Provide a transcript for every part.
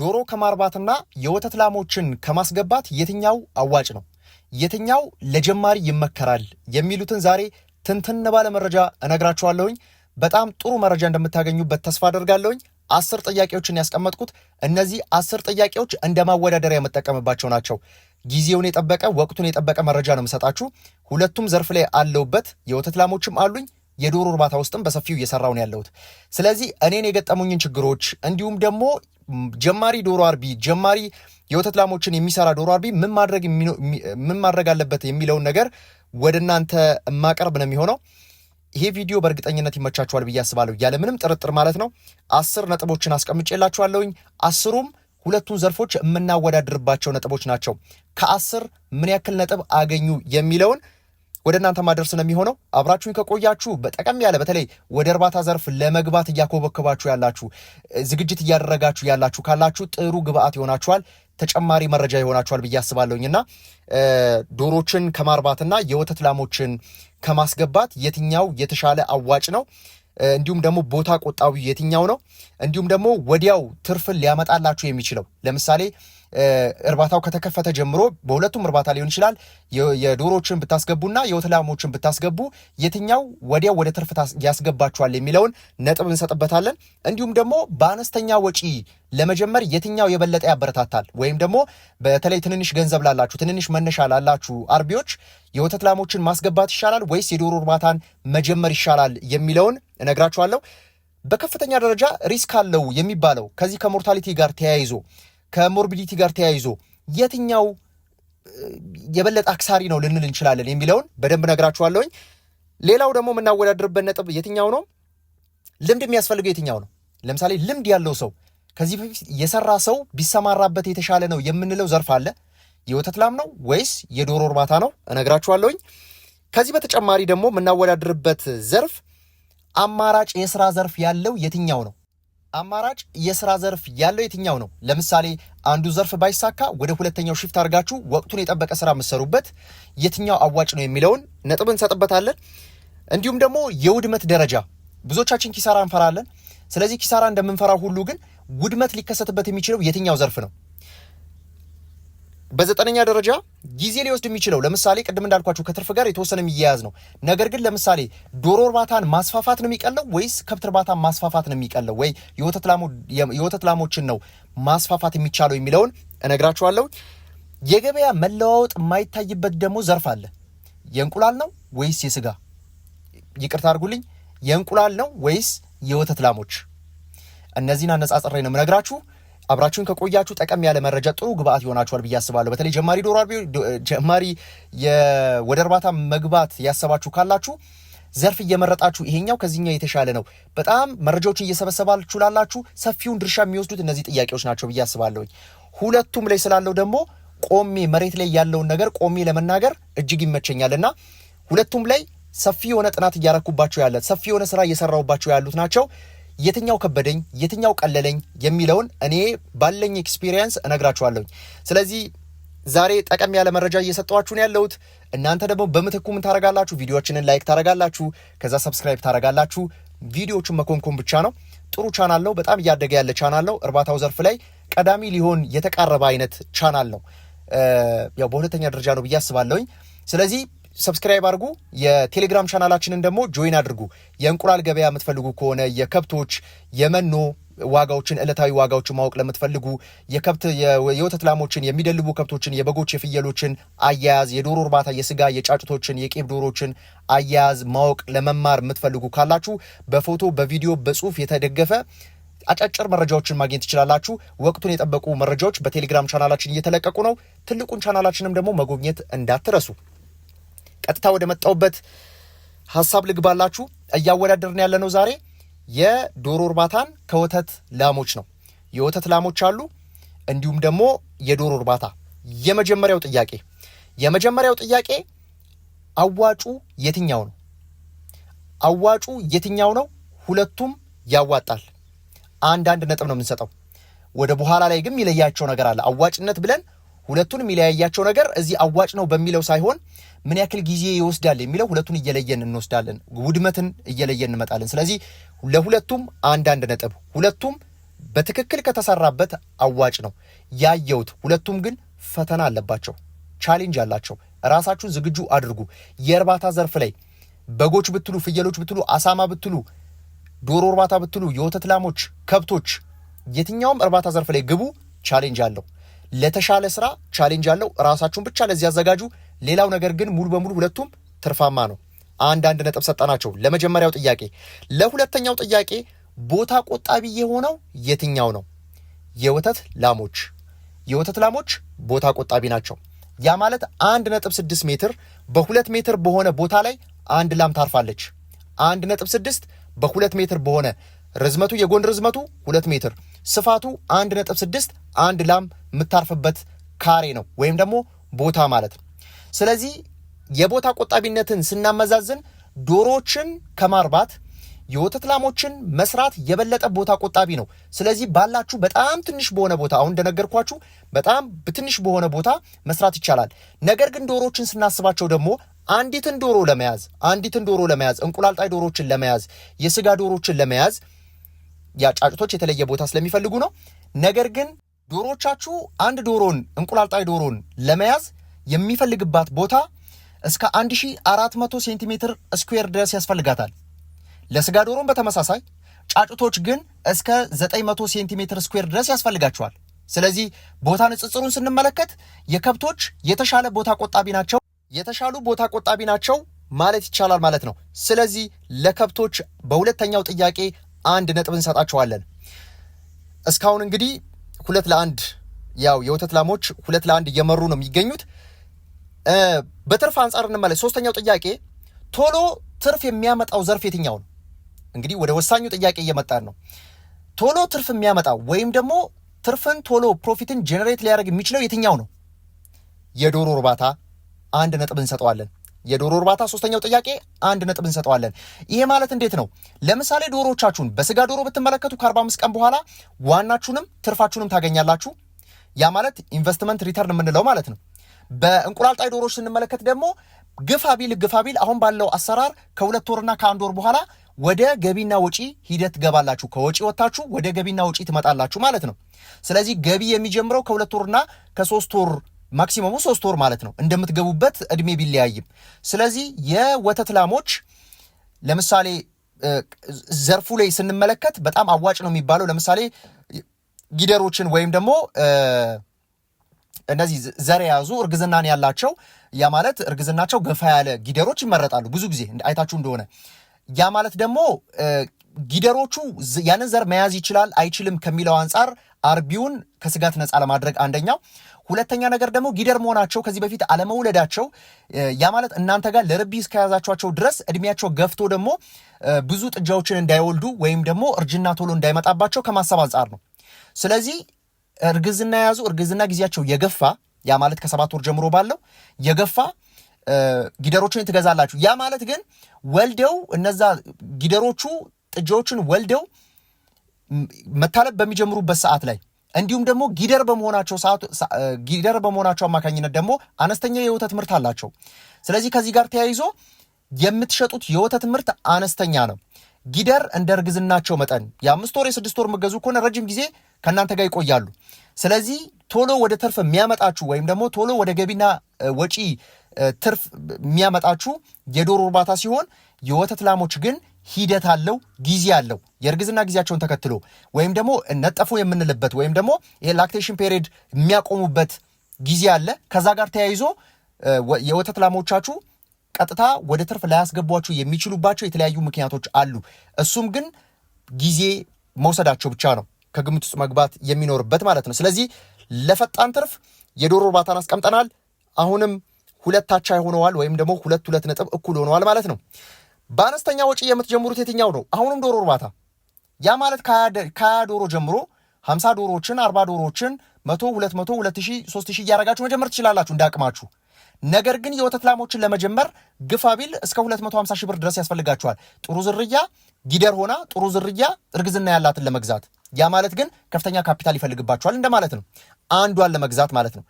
ዶሮ ከማርባትና የወተት ላሞችን ከማስገባት የትኛው አዋጭ ነው፣ የትኛው ለጀማሪ ይመከራል የሚሉትን ዛሬ ትንትን ባለ መረጃ እነግራችኋለሁኝ። በጣም ጥሩ መረጃ እንደምታገኙበት ተስፋ አደርጋለሁኝ። አስር ጥያቄዎችን ያስቀመጥኩት እነዚህ አስር ጥያቄዎች እንደ ማወዳደሪያ የምጠቀምባቸው ናቸው። ጊዜውን የጠበቀ ወቅቱን የጠበቀ መረጃ ነው የምሰጣችሁ። ሁለቱም ዘርፍ ላይ አለውበት፣ የወተት ላሞችም አሉኝ የዶሮ እርባታ ውስጥም በሰፊው እየሰራው ነው ያለሁት። ስለዚህ እኔን የገጠሙኝን ችግሮች እንዲሁም ደግሞ ጀማሪ ዶሮ አርቢ ጀማሪ የወተት ላሞችን የሚሰራ ዶሮ አርቢ ምን ማድረግ ምን ማድረግ አለበት የሚለውን ነገር ወደ እናንተ የማቀርብ ነው የሚሆነው። ይሄ ቪዲዮ በእርግጠኝነት ይመቻችኋል ብዬ አስባለሁ፣ ያለምንም ጥርጥር ማለት ነው። አስር ነጥቦችን አስቀምጬላችኋለሁኝ። አስሩም ሁለቱን ዘርፎች የምናወዳድርባቸው ነጥቦች ናቸው። ከአስር ምን ያክል ነጥብ አገኙ የሚለውን ወደ እናንተ ማደርስ ነው የሚሆነው። አብራችሁኝ ከቆያችሁ በጠቀም ያለ በተለይ ወደ እርባታ ዘርፍ ለመግባት እያኮበከባችሁ ያላችሁ ዝግጅት እያደረጋችሁ ያላችሁ ካላችሁ ጥሩ ግብአት ይሆናችኋል ተጨማሪ መረጃ ይሆናችኋል ብዬ አስባለሁኝ እና ዶሮችን ከማርባትና የወተት ላሞችን ከማስገባት የትኛው የተሻለ አዋጭ ነው? እንዲሁም ደግሞ ቦታ ቆጣቢ የትኛው ነው? እንዲሁም ደግሞ ወዲያው ትርፍን ሊያመጣላችሁ የሚችለው ለምሳሌ እርባታው ከተከፈተ ጀምሮ በሁለቱም እርባታ ሊሆን ይችላል። የዶሮዎችን ብታስገቡና የወተት ላሞችን ብታስገቡ የትኛው ወዲያው ወደ ትርፍ ያስገባችኋል የሚለውን ነጥብ እንሰጥበታለን። እንዲሁም ደግሞ በአነስተኛ ወጪ ለመጀመር የትኛው የበለጠ ያበረታታል ወይም ደግሞ በተለይ ትንንሽ ገንዘብ ላላችሁ፣ ትንንሽ መነሻ ላላችሁ አርቢዎች የወተት ላሞችን ማስገባት ይሻላል ወይስ የዶሮ እርባታን መጀመር ይሻላል የሚለውን እነግራችኋለሁ። በከፍተኛ ደረጃ ሪስክ አለው የሚባለው ከዚህ ከሞርታሊቲ ጋር ተያይዞ ከሞርቢዲቲ ጋር ተያይዞ የትኛው የበለጠ አክሳሪ ነው ልንል እንችላለን የሚለውን በደንብ ነግራችኋለሁኝ። ሌላው ደግሞ የምናወዳድርበት ነጥብ የትኛው ነው፣ ልምድ የሚያስፈልገው የትኛው ነው። ለምሳሌ ልምድ ያለው ሰው ከዚህ በፊት የሰራ ሰው ቢሰማራበት የተሻለ ነው የምንለው ዘርፍ አለ። የወተት ላም ነው ወይስ የዶሮ እርባታ ነው እነግራችኋለሁኝ። ከዚህ በተጨማሪ ደግሞ የምናወዳድርበት ዘርፍ አማራጭ የስራ ዘርፍ ያለው የትኛው ነው አማራጭ የስራ ዘርፍ ያለው የትኛው ነው? ለምሳሌ አንዱ ዘርፍ ባይሳካ ወደ ሁለተኛው ሽፍት አድርጋችሁ ወቅቱን የጠበቀ ስራ የምትሰሩበት የትኛው አዋጭ ነው የሚለውን ነጥብ እንሰጥበታለን። እንዲሁም ደግሞ የውድመት ደረጃ ብዙዎቻችን ኪሳራ እንፈራለን። ስለዚህ ኪሳራ እንደምንፈራው ሁሉ ግን ውድመት ሊከሰትበት የሚችለው የትኛው ዘርፍ ነው? በዘጠነኛ ደረጃ ጊዜ ሊወስድ የሚችለው ለምሳሌ ቅድም እንዳልኳችሁ ከትርፍ ጋር የተወሰነ የሚያያዝ ነው። ነገር ግን ለምሳሌ ዶሮ እርባታን ማስፋፋት ነው የሚቀለው ወይስ ከብት እርባታን ማስፋፋት ነው የሚቀለው ወይ የወተት ላሞችን ነው ማስፋፋት የሚቻለው የሚለውን እነግራችኋለሁ። የገበያ መለዋወጥ የማይታይበት ደግሞ ዘርፍ አለ። የእንቁላል ነው ወይስ የስጋ? ይቅርታ አድርጉልኝ፣ የእንቁላል ነው ወይስ የወተት ላሞች? እነዚህን አነጻጽሬ ነው የምነግራችሁ። አብራችሁን ከቆያችሁ ጠቀም ያለ መረጃ ጥሩ ግብአት ይሆናችኋል ብዬ አስባለሁ። በተለይ ጀማሪ ዶሮ አርቢ ጀማሪ ወደ እርባታ መግባት ያሰባችሁ ካላችሁ ዘርፍ እየመረጣችሁ ይሄኛው ከዚህኛው የተሻለ ነው፣ በጣም መረጃዎችን እየሰበሰባችሁ ላላችሁ ሰፊውን ድርሻ የሚወስዱት እነዚህ ጥያቄዎች ናቸው ብዬ አስባለሁኝ። ሁለቱም ላይ ስላለው ደግሞ ቆሜ መሬት ላይ ያለውን ነገር ቆሜ ለመናገር እጅግ ይመቸኛል እና ሁለቱም ላይ ሰፊ የሆነ ጥናት እያረኩባቸው ያለ ሰፊ የሆነ ስራ እየሰራሁባቸው ያሉት ናቸው። የትኛው ከበደኝ፣ የትኛው ቀለለኝ የሚለውን እኔ ባለኝ ኤክስፒሪየንስ እነግራችኋለሁኝ። ስለዚህ ዛሬ ጠቀም ያለ መረጃ እየሰጠዋችሁን ያለሁት እናንተ ደግሞ በምትኩ ምን ታረጋላችሁ? ቪዲዮችንን ላይክ ታረጋላችሁ፣ ከዛ ሰብስክራይብ ታረጋላችሁ። ቪዲዮቹን መኮንኮን ብቻ ነው። ጥሩ ቻናል ነው። በጣም እያደገ ያለ ቻናል ነው። እርባታው ዘርፍ ላይ ቀዳሚ ሊሆን የተቃረበ አይነት ቻናል ነው። ያው በሁለተኛ ደረጃ ነው ብዬ አስባለሁኝ። ስለዚህ ሰብስክራይብ አድርጉ። የቴሌግራም ቻናላችንን ደግሞ ጆይን አድርጉ። የእንቁላል ገበያ የምትፈልጉ ከሆነ የከብቶች የመኖ ዋጋዎችን ዕለታዊ ዋጋዎችን ማወቅ ለምትፈልጉ የከብት የወተት ላሞችን የሚደልቡ ከብቶችን፣ የበጎች፣ የፍየሎችን አያያዝ፣ የዶሮ እርባታ፣ የስጋ፣ የጫጭቶችን፣ የቄብ ዶሮችን አያያዝ ማወቅ ለመማር የምትፈልጉ ካላችሁ በፎቶ በቪዲዮ በጽሁፍ የተደገፈ አጫጭር መረጃዎችን ማግኘት ትችላላችሁ። ወቅቱን የጠበቁ መረጃዎች በቴሌግራም ቻናላችን እየተለቀቁ ነው። ትልቁን ቻናላችንም ደግሞ መጎብኘት እንዳትረሱ። ቀጥታ ወደ መጣውበት ሀሳብ ልግባላችሁ። እያወዳደርን ነው ዛሬ የዶሮ እርባታን ከወተት ላሞች ነው። የወተት ላሞች አሉ፣ እንዲሁም ደግሞ የዶሮ እርባታ። የመጀመሪያው ጥያቄ የመጀመሪያው ጥያቄ አዋጩ የትኛው ነው? አዋጩ የትኛው ነው? ሁለቱም ያዋጣል። አንድ አንድ ነጥብ ነው የምንሰጠው። ወደ በኋላ ላይ ግን የሚለያቸው ነገር አለ። አዋጭነት ብለን ሁለቱን የሚለያያቸው ነገር እዚህ አዋጭ ነው በሚለው ሳይሆን ምን ያክል ጊዜ ይወስዳል የሚለው ሁለቱን እየለየን እንወስዳለን፣ ውድመትን እየለየን እንመጣለን። ስለዚህ ለሁለቱም አንዳንድ ነጥብ፣ ሁለቱም በትክክል ከተሰራበት አዋጭ ነው ያየሁት። ሁለቱም ግን ፈተና አለባቸው፣ ቻሌንጅ አላቸው። ራሳችሁን ዝግጁ አድርጉ። የእርባታ ዘርፍ ላይ በጎች ብትሉ፣ ፍየሎች ብትሉ፣ አሳማ ብትሉ፣ ዶሮ እርባታ ብትሉ፣ የወተት ላሞች፣ ከብቶች፣ የትኛውም እርባታ ዘርፍ ላይ ግቡ፣ ቻሌንጅ አለው። ለተሻለ ስራ ቻሌንጅ አለው። ራሳችሁን ብቻ ለዚህ አዘጋጁ። ሌላው ነገር ግን ሙሉ በሙሉ ሁለቱም ትርፋማ ነው። አንድ አንድ ነጥብ ሰጠናቸው ለመጀመሪያው ጥያቄ። ለሁለተኛው ጥያቄ ቦታ ቆጣቢ የሆነው የትኛው ነው? የወተት ላሞች የወተት ላሞች ቦታ ቆጣቢ ናቸው። ያ ማለት አንድ ነጥብ ስድስት ሜትር በሁለት ሜትር በሆነ ቦታ ላይ አንድ ላም ታርፋለች። አንድ ነጥብ ስድስት በሁለት ሜትር በሆነ ርዝመቱ የጎን ርዝመቱ ሁለት ሜትር ስፋቱ አንድ ነጥብ ስድስት አንድ ላም የምታርፍበት ካሬ ነው ወይም ደግሞ ቦታ ማለት ነው። ስለዚህ የቦታ ቆጣቢነትን ስናመዛዝን ዶሮዎችን ከማርባት የወተት ላሞችን መስራት የበለጠ ቦታ ቆጣቢ ነው። ስለዚህ ባላችሁ በጣም ትንሽ በሆነ ቦታ አሁን እንደነገርኳችሁ በጣም ትንሽ በሆነ ቦታ መስራት ይቻላል። ነገር ግን ዶሮዎችን ስናስባቸው ደግሞ አንዲትን ዶሮ ለመያዝ አንዲትን ዶሮ ለመያዝ እንቁላልጣይ ዶሮዎችን ለመያዝ የስጋ ዶሮዎችን ለመያዝ ያ የተለየ ቦታ ስለሚፈልጉ ነው። ነገር ግን ዶሮዎቻችሁ አንድ ዶሮን እንቁላልጣይ ዶሮን ለመያዝ የሚፈልግባት ቦታ እስከ 1400 ሴንቲሜትር ስኩዌር ድረስ ያስፈልጋታል። ለስጋ ዶሮን በተመሳሳይ ጫጩቶች ግን እስከ 900 ሴንቲሜትር ስኩዌር ድረስ ያስፈልጋቸዋል። ስለዚህ ቦታ ንጽጽሩን ስንመለከት የከብቶች የተሻለ ቦታ ቆጣቢ ናቸው፣ የተሻሉ ቦታ ቆጣቢ ናቸው ማለት ይቻላል ማለት ነው። ስለዚህ ለከብቶች በሁለተኛው ጥያቄ አንድ ነጥብ እንሰጣቸዋለን። እስካሁን እንግዲህ ሁለት ለአንድ ያው የወተት ላሞች ሁለት ለአንድ እየመሩ ነው የሚገኙት። በትርፍ አንጻር እንመለስ። ሶስተኛው ጥያቄ ቶሎ ትርፍ የሚያመጣው ዘርፍ የትኛው ነው? እንግዲህ ወደ ወሳኙ ጥያቄ እየመጣን ነው። ቶሎ ትርፍ የሚያመጣው ወይም ደግሞ ትርፍን ቶሎ ፕሮፊትን ጄኔሬት ሊያደርግ የሚችለው የትኛው ነው? የዶሮ እርባታ አንድ ነጥብ እንሰጠዋለን። የዶሮ እርባታ ሶስተኛው ጥያቄ አንድ ነጥብ እንሰጠዋለን። ይሄ ማለት እንዴት ነው? ለምሳሌ ዶሮዎቻችሁን በስጋ ዶሮ ብትመለከቱ ከ45 ቀን በኋላ ዋናችሁንም ትርፋችሁንም ታገኛላችሁ። ያ ማለት ኢንቨስትመንት ሪተርን የምንለው ማለት ነው። በእንቁላል ጣይ ዶሮዎች ስንመለከት ደግሞ ግፋቢል ግፋቢል አሁን ባለው አሰራር ከሁለት ወርና ከአንድ ወር በኋላ ወደ ገቢና ወጪ ሂደት ገባላችሁ። ከወጪ ወጥታችሁ ወደ ገቢና ወጪ ትመጣላችሁ ማለት ነው። ስለዚህ ገቢ የሚጀምረው ከሁለት ወርና ከሶስት ወር ማክሲመሙ ሶስት ወር ማለት ነው እንደምትገቡበት እድሜ ቢለያይም። ስለዚህ የወተት ላሞች ለምሳሌ ዘርፉ ላይ ስንመለከት በጣም አዋጭ ነው የሚባለው ለምሳሌ ጊደሮችን ወይም ደግሞ እነዚህ ዘር የያዙ እርግዝናን ያላቸው ያ ማለት እርግዝናቸው ገፋ ያለ ጊደሮች ይመረጣሉ። ብዙ ጊዜ አይታችሁ እንደሆነ ያ ማለት ደግሞ ጊደሮቹ ያንን ዘር መያዝ ይችላል አይችልም ከሚለው አንጻር አርቢውን ከስጋት ነፃ ለማድረግ አንደኛው ሁለተኛ ነገር ደግሞ ጊደር መሆናቸው ከዚህ በፊት አለመውለዳቸው ያ ማለት እናንተ ጋር ለርቢ እስከያዛቸው ድረስ እድሜያቸው ገፍቶ ደግሞ ብዙ ጥጃዎችን እንዳይወልዱ ወይም ደግሞ እርጅና ቶሎ እንዳይመጣባቸው ከማሰብ አንጻር ነው። ስለዚህ እርግዝና የያዙ እርግዝና ጊዜያቸው የገፋ ያ ማለት ከሰባት ወር ጀምሮ ባለው የገፋ ጊደሮችን ትገዛላችሁ። ያ ማለት ግን ወልደው እነዛ ጊደሮቹ ጥጃዎችን ወልደው መታለብ በሚጀምሩበት ሰዓት ላይ እንዲሁም ደግሞ ጊደር በመሆናቸው ጊደር በመሆናቸው አማካኝነት ደግሞ አነስተኛ የወተት ምርት አላቸው። ስለዚህ ከዚህ ጋር ተያይዞ የምትሸጡት የወተት ምርት አነስተኛ ነው። ጊደር እንደ እርግዝናቸው መጠን የአምስት ወር የስድስት ወር መገዙ ከሆነ ረጅም ጊዜ ከእናንተ ጋር ይቆያሉ። ስለዚህ ቶሎ ወደ ትርፍ የሚያመጣችሁ ወይም ደግሞ ቶሎ ወደ ገቢና ወጪ ትርፍ የሚያመጣችሁ የዶሮ እርባታ ሲሆን የወተት ላሞች ግን ሂደት አለው፣ ጊዜ አለው። የእርግዝና ጊዜያቸውን ተከትሎ ወይም ደግሞ ነጠፉ የምንልበት ወይም ደግሞ የላክቴሽን ፔሪድ የሚያቆሙበት ጊዜ አለ። ከዛ ጋር ተያይዞ የወተት ላሞቻችሁ ቀጥታ ወደ ትርፍ ላያስገቧችሁ የሚችሉባቸው የተለያዩ ምክንያቶች አሉ። እሱም ግን ጊዜ መውሰዳቸው ብቻ ነው ከግምት ውስጥ መግባት የሚኖርበት ማለት ነው። ስለዚህ ለፈጣን ትርፍ የዶሮ እርባታን አስቀምጠናል። አሁንም ሁለት አቻ ሆነዋል፣ ወይም ደግሞ ሁለት ሁለት ነጥብ እኩል ሆነዋል ማለት ነው። በአነስተኛ ወጪ የምትጀምሩት የትኛው ነው? አሁንም ዶሮ እርባታ። ያ ማለት ከሀያ ዶሮ ጀምሮ ሀምሳ ዶሮዎችን አርባ ዶሮዎችን መቶ ሁለት መቶ ሁለት ሺ ሶስት ሺ እያደረጋችሁ መጀመር ትችላላችሁ እንዳቅማችሁ። ነገር ግን የወተት ላሞችን ለመጀመር ግፋ ቢል እስከ ሀምሳ ሺ ብር ድረስ ያስፈልጋችኋል። ጥሩ ዝርያ ጊደር ሆና ጥሩ ዝርያ እርግዝና ያላትን ለመግዛት ያ ማለት ግን ከፍተኛ ካፒታል ይፈልግባቸዋል እንደማለት ነው፣ አንዷን ለመግዛት ማለት ነው።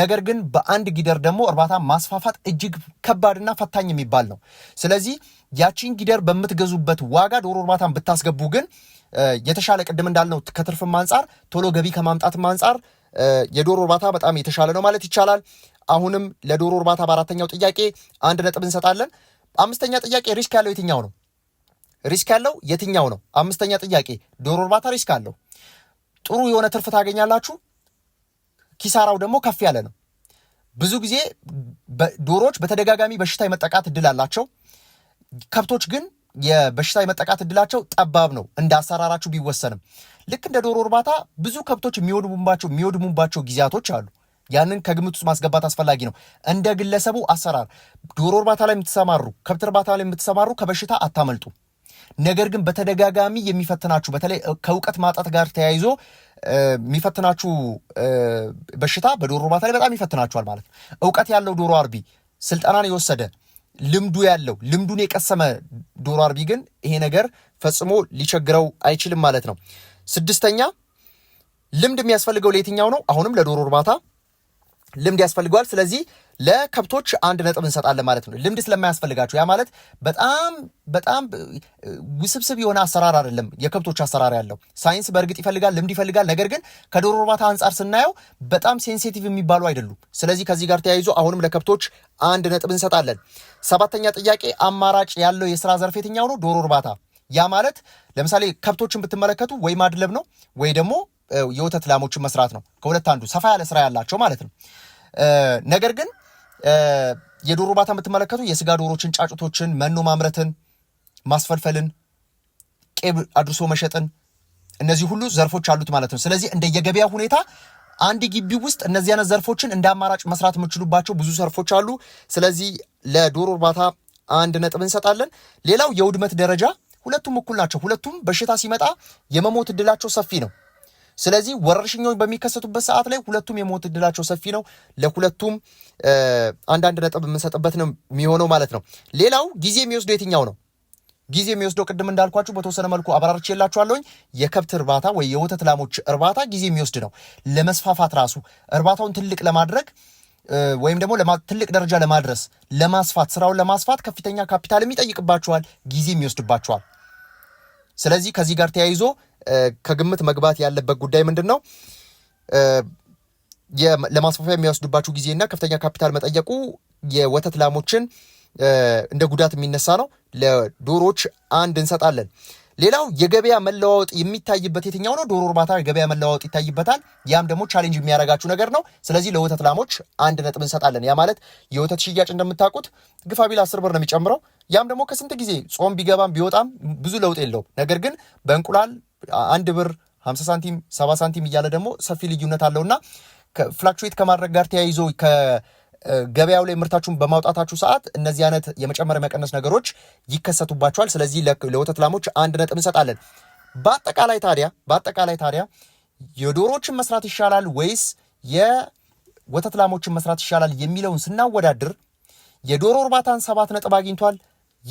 ነገር ግን በአንድ ጊደር ደግሞ እርባታ ማስፋፋት እጅግ ከባድና ፈታኝ የሚባል ነው። ስለዚህ ያቺን ጊደር በምትገዙበት ዋጋ ዶሮ እርባታን ብታስገቡ ግን የተሻለ ቅድም እንዳልነው ከትርፍም አንጻር ቶሎ ገቢ ከማምጣትም አንጻር የዶሮ እርባታ በጣም የተሻለ ነው ማለት ይቻላል። አሁንም ለዶሮ እርባታ በአራተኛው ጥያቄ አንድ ነጥብ እንሰጣለን። አምስተኛ ጥያቄ ሪስክ ያለው የትኛው ነው? ሪስክ ያለው የትኛው ነው? አምስተኛ ጥያቄ ዶሮ እርባታ ሪስክ አለው። ጥሩ የሆነ ትርፍ ታገኛላችሁ፣ ኪሳራው ደግሞ ከፍ ያለ ነው። ብዙ ጊዜ ዶሮዎች በተደጋጋሚ በሽታ የመጠቃት እድል አላቸው። ከብቶች ግን የበሽታ የመጠቃት እድላቸው ጠባብ ነው፣ እንደ አሰራራችሁ ቢወሰንም። ልክ እንደ ዶሮ እርባታ ብዙ ከብቶች የሚወድሙባቸው የሚወድሙባቸው ጊዜያቶች አሉ። ያንን ከግምት ውስጥ ማስገባት አስፈላጊ ነው። እንደ ግለሰቡ አሰራር ዶሮ እርባታ ላይ የምትሰማሩ፣ ከብት እርባታ ላይ የምትሰማሩ ከበሽታ አታመልጡ። ነገር ግን በተደጋጋሚ የሚፈትናችሁ በተለይ ከእውቀት ማጣት ጋር ተያይዞ የሚፈትናችሁ በሽታ በዶሮ እርባታ ላይ በጣም ይፈትናችኋል ማለት ነው። እውቀት ያለው ዶሮ አርቢ ስልጠናን የወሰደ ልምዱ ያለው ልምዱን የቀሰመ ዶሮ አርቢ ግን ይሄ ነገር ፈጽሞ ሊቸግረው አይችልም ማለት ነው። ስድስተኛ ልምድ የሚያስፈልገው ለየትኛው ነው? አሁንም ለዶሮ እርባታ ልምድ ያስፈልገዋል። ስለዚህ ለከብቶች አንድ ነጥብ እንሰጣለን ማለት ነው። ልምድ ስለማያስፈልጋቸው ያ ማለት በጣም በጣም ውስብስብ የሆነ አሰራር አይደለም የከብቶች አሰራር ያለው። ሳይንስ በእርግጥ ይፈልጋል፣ ልምድ ይፈልጋል። ነገር ግን ከዶሮ እርባታ አንጻር ስናየው በጣም ሴንሲቲቭ የሚባሉ አይደሉም። ስለዚህ ከዚህ ጋር ተያይዞ አሁንም ለከብቶች አንድ ነጥብ እንሰጣለን። ሰባተኛ ጥያቄ አማራጭ ያለው የስራ ዘርፍ የትኛው ነው? ዶሮ እርባታ። ያ ማለት ለምሳሌ ከብቶችን ብትመለከቱ ወይ ማድለብ ነው ወይ ደግሞ የወተት ላሞችን መስራት ነው። ከሁለት አንዱ ሰፋ ያለ ስራ ያላቸው ማለት ነው። ነገር ግን የዶሮ እርባታ የምትመለከቱ የስጋ ዶሮችን፣ ጫጩቶችን፣ መኖ ማምረትን፣ ማስፈልፈልን፣ ቄብ አድርሶ መሸጥን እነዚህ ሁሉ ዘርፎች አሉት ማለት ነው። ስለዚህ እንደየገበያ ሁኔታ አንድ ግቢ ውስጥ እነዚህ አይነት ዘርፎችን እንደ አማራጭ መስራት የምችሉባቸው ብዙ ዘርፎች አሉ። ስለዚህ ለዶሮ እርባታ አንድ ነጥብ እንሰጣለን። ሌላው የውድመት ደረጃ ሁለቱም እኩል ናቸው። ሁለቱም በሽታ ሲመጣ የመሞት እድላቸው ሰፊ ነው። ስለዚህ ወረርሽኞች በሚከሰቱበት ሰዓት ላይ ሁለቱም የሞት እድላቸው ሰፊ ነው። ለሁለቱም አንዳንድ ነጥብ የምንሰጥበት ነው የሚሆነው ማለት ነው። ሌላው ጊዜ የሚወስደው የትኛው ነው? ጊዜ የሚወስደው ቅድም እንዳልኳችሁ በተወሰነ መልኩ አብራርች የላችኋለሁኝ። የከብት እርባታ ወይ የወተት ላሞች እርባታ ጊዜ የሚወስድ ነው። ለመስፋፋት ራሱ እርባታውን ትልቅ ለማድረግ ወይም ደግሞ ትልቅ ደረጃ ለማድረስ ለማስፋት ስራውን ለማስፋት ከፍተኛ ካፒታልም ይጠይቅባችኋል፣ ጊዜ የሚወስድባችኋል። ስለዚህ ከዚህ ጋር ተያይዞ ከግምት መግባት ያለበት ጉዳይ ምንድን ነው? ለማስፋፊያ የሚወስዱባችሁ ጊዜና ከፍተኛ ካፒታል መጠየቁ የወተት ላሞችን እንደ ጉዳት የሚነሳ ነው። ለዶሮዎች አንድ እንሰጣለን። ሌላው የገበያ መለዋወጥ የሚታይበት የትኛው ነው? ዶሮ እርባታ የገበያ መለዋወጥ ይታይበታል። ያም ደግሞ ቻሌንጅ የሚያደርጋችሁ ነገር ነው። ስለዚህ ለወተት ላሞች አንድ ነጥብ እንሰጣለን። ያ ማለት የወተት ሽያጭ እንደምታውቁት ግፋቢል አስር ብር ነው የሚጨምረው። ያም ደግሞ ከስንት ጊዜ ጾም ቢገባም ቢወጣም ብዙ ለውጥ የለውም። ነገር ግን በእንቁላል አንድ ብር ሀምሳ ሳንቲም ሰባ ሳንቲም እያለ ደግሞ ሰፊ ልዩነት አለውና ፍላክቹዌት ከማድረግ ጋር ተያይዞ ገበያው ላይ ምርታችሁን በማውጣታችሁ ሰዓት እነዚህ አይነት የመጨመር መቀነስ ነገሮች ይከሰቱባቸዋል። ስለዚህ ለወተት ላሞች አንድ ነጥብ እንሰጣለን። በአጠቃላይ ታዲያ በአጠቃላይ ታዲያ የዶሮዎችን መስራት ይሻላል ወይስ የወተት ላሞችን መስራት ይሻላል የሚለውን ስናወዳድር የዶሮ እርባታን ሰባት ነጥብ አግኝቷል።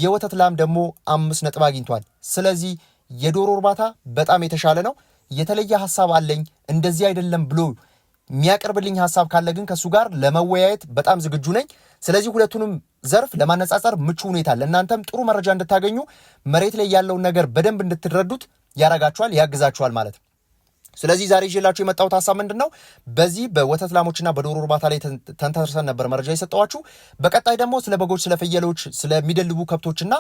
የወተት ላም ደግሞ አምስት ነጥብ አግኝቷል። ስለዚህ የዶሮ እርባታ በጣም የተሻለ ነው። የተለየ ሀሳብ አለኝ እንደዚህ አይደለም ብሎ የሚያቀርብልኝ ሀሳብ ካለ ግን ከእሱ ጋር ለመወያየት በጣም ዝግጁ ነኝ። ስለዚህ ሁለቱንም ዘርፍ ለማነጻጸር ምቹ ሁኔታ ለእናንተም ጥሩ መረጃ እንድታገኙ መሬት ላይ ያለውን ነገር በደንብ እንድትረዱት ያረጋችኋል፣ ያግዛችኋል ማለት ነው። ስለዚህ ዛሬ ይዤላችሁ የመጣሁት ሀሳብ ምንድን ነው? በዚህ በወተት ላሞችና በዶሮ እርባታ ላይ ተንተርሰን ነበር መረጃ የሰጠኋችሁ። በቀጣይ ደግሞ ስለ በጎች፣ ስለ ፍየሎች፣ ስለሚደልቡ ከብቶችና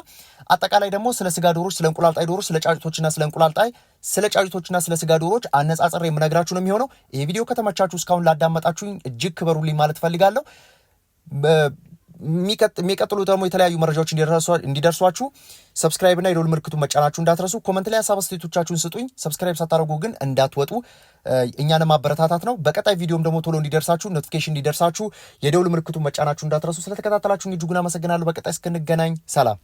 አጠቃላይ ደግሞ ስለ ስጋ ዶሮች፣ ስለ እንቁላልጣይ ዶሮች፣ ስለ ጫጩቶችና ስለ እንቁላልጣይ ስለ ጫጩቶችና ስለ ስጋ ዶሮች አነጻጽሬ የምነግራችሁ ነው የሚሆነው። ይህ ቪዲዮ ከተመቻችሁ እስካሁን ላዳመጣችሁኝ እጅግ ክበሩልኝ ማለት ፈልጋለሁ። የሚቀጥሉ ደግሞ የተለያዩ መረጃዎች እንዲደርሷችሁ ሰብስክራይብ እና የደወል ምልክቱን መጫናችሁ እንዳትረሱ። ኮመንት ላይ ሀሳብ አስተያየቶቻችሁን ስጡኝ። ሰብስክራይብ ሳታደርጉ ግን እንዳትወጡ፣ እኛን ማበረታታት ነው። በቀጣይ ቪዲዮም ደግሞ ቶሎ እንዲደርሳችሁ ኖቲፊኬሽን እንዲደርሳችሁ የደወል ምልክቱን መጫናችሁ እንዳትረሱ። ስለተከታተላችሁ እጅጉን አመሰግናለሁ። በቀጣይ እስክንገናኝ ሰላም።